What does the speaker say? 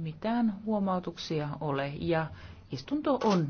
mitään huomautuksia ole ja istunto on